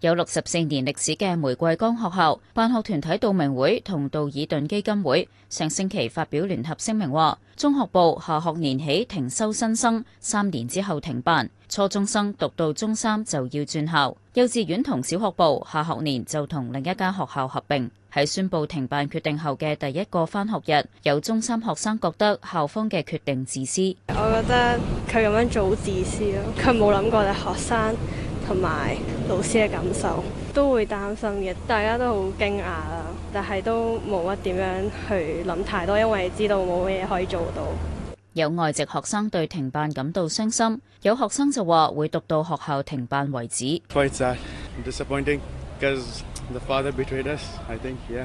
有六十四年歷史嘅玫瑰崗學校辦學團體道明會同道爾頓基金會上星期發表聯合聲明話，中學部下學年起停收新生，三年之後停辦，初中生讀到中三就要轉校，幼稚園同小學部下學年就同另一間學校合併。喺宣布停辦決定後嘅第一個返學日，有中三學生覺得校方嘅決定自私。我覺得佢咁樣做好自私咯，佢冇諗過你學生。同埋老師嘅感受都會擔心嘅，大家都好驚訝呀。但係都冇乜點樣去諗太多，因為知道冇乜嘢可以做到。有外籍學生對停辦感到傷心，有學生就話會讀到學校停辦為止。Very sad, disappointing, because the father betrayed us. I think, yeah.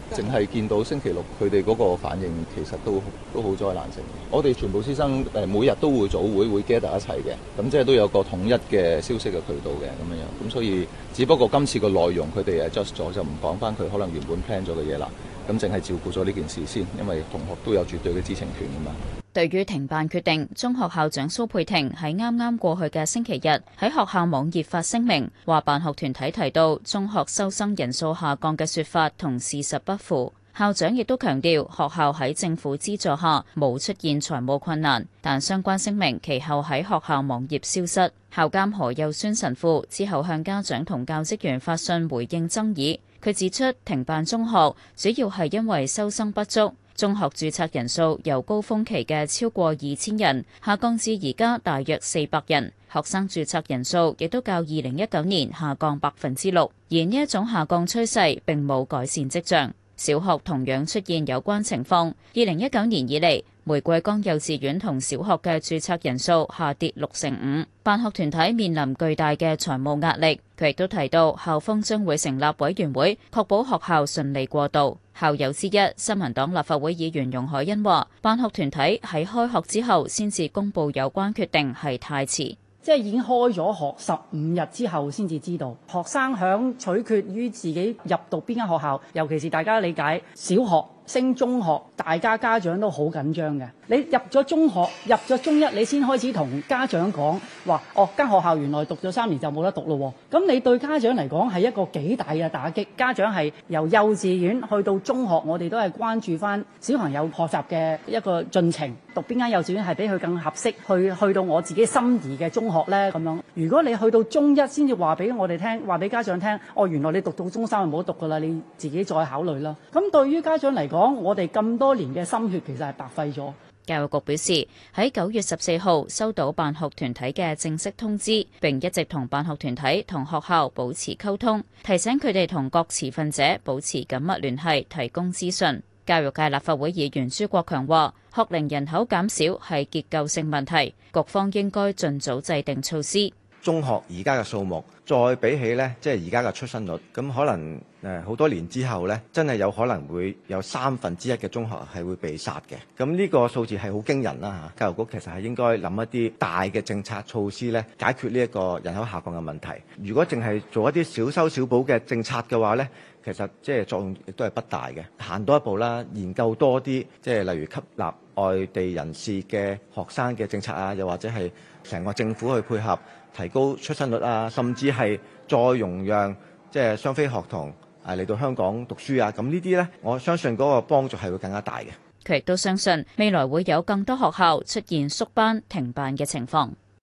淨係見到星期六佢哋嗰個反應，其實都都好災難性。我哋全部師生誒，每日都會早會會 gather 一齊嘅，咁即係都有一個統一嘅消息嘅渠道嘅咁樣樣。咁所以，只不過今次個內容佢哋誒 adjust 咗，就唔講翻佢可能原本 plan 咗嘅嘢啦。咁淨係照顧咗呢件事先，因為同學都有絕對嘅知情權㗎嘛。對於停辦決定，中學校長蘇佩婷喺啱啱過去嘅星期日喺學校網頁發聲明，話辦學團體提到中學收生人數下降嘅說法同事實不符。校長亦都強調學校喺政府資助下冇出現財務困難。但相關聲明其後喺學校網頁消失。校監何佑宣神父之後向家長同教職員發信回應爭議。佢指出，停辦中學主要係因為收生不足，中學註冊人數由高峰期嘅超過二千人下降至而家大約四百人，學生註冊人數亦都較二零一九年下降百分之六，而呢一種下降趨勢並冇改善跡象。小學同樣出現有關情況，二零一九年以嚟，玫瑰崗幼稚園同小學嘅注冊人數下跌六成五，辦學團體面臨巨大嘅財務壓力。佢亦都提到，校方將會成立委員會，確保學校順利過渡。校友之一，新民黨立法會議員容海恩話，辦學團體喺開學之後先至公佈有關決定，係太遲。即係已經開咗學十五日之後先至知道，學生想取決於自己入讀邊間學校，尤其是大家理解小學。升中學，大家家長都好緊張嘅。你入咗中學，入咗中一，你先開始同家長講話，哦，間學校原來讀咗三年就冇得讀咯。咁你對家長嚟講係一個幾大嘅打擊。家長係由幼稚園去到中學，我哋都係關注翻小朋友學習嘅一個進程，讀邊間幼稚園係比佢更合適，去去到我自己心儀嘅中學呢？咁樣。如果你去到中一先至話俾我哋聽，話俾家長聽，哦，原來你讀到中三就冇得讀噶啦，你自己再考慮啦。咁對於家長嚟講，講我哋咁多年嘅心血，其實係白費咗。教育局表示，喺九月十四號收到辦學團體嘅正式通知，並一直同辦學團體同學校保持溝通，提醒佢哋同各持份者保持緊密聯繫，提供資訊。教育界立法會議員朱國強話，學齡人口減少係結構性問題，局方應該盡早制定措施。中學而家嘅數目，再比起呢，即係而家嘅出生率，咁可能誒好多年之後呢，真係有可能會有三分之一嘅中學係會被殺嘅。咁呢個數字係好驚人啦。教育局其實係應該諗一啲大嘅政策措施呢，解決呢一個人口下降嘅問題。如果淨係做一啲小修小補嘅政策嘅話呢，其實即係作用亦都係不大嘅。行多一步啦，研究多啲，即係例如吸納，外地人士嘅學生嘅政策啊，又或者係成個政府去配合提高出生率啊，甚至係再容讓即係雙非學童啊嚟到香港讀書啊，咁呢啲咧，我相信嗰個幫助係會更加大嘅。佢亦都相信未來會有更多學校出現縮班停辦嘅情況。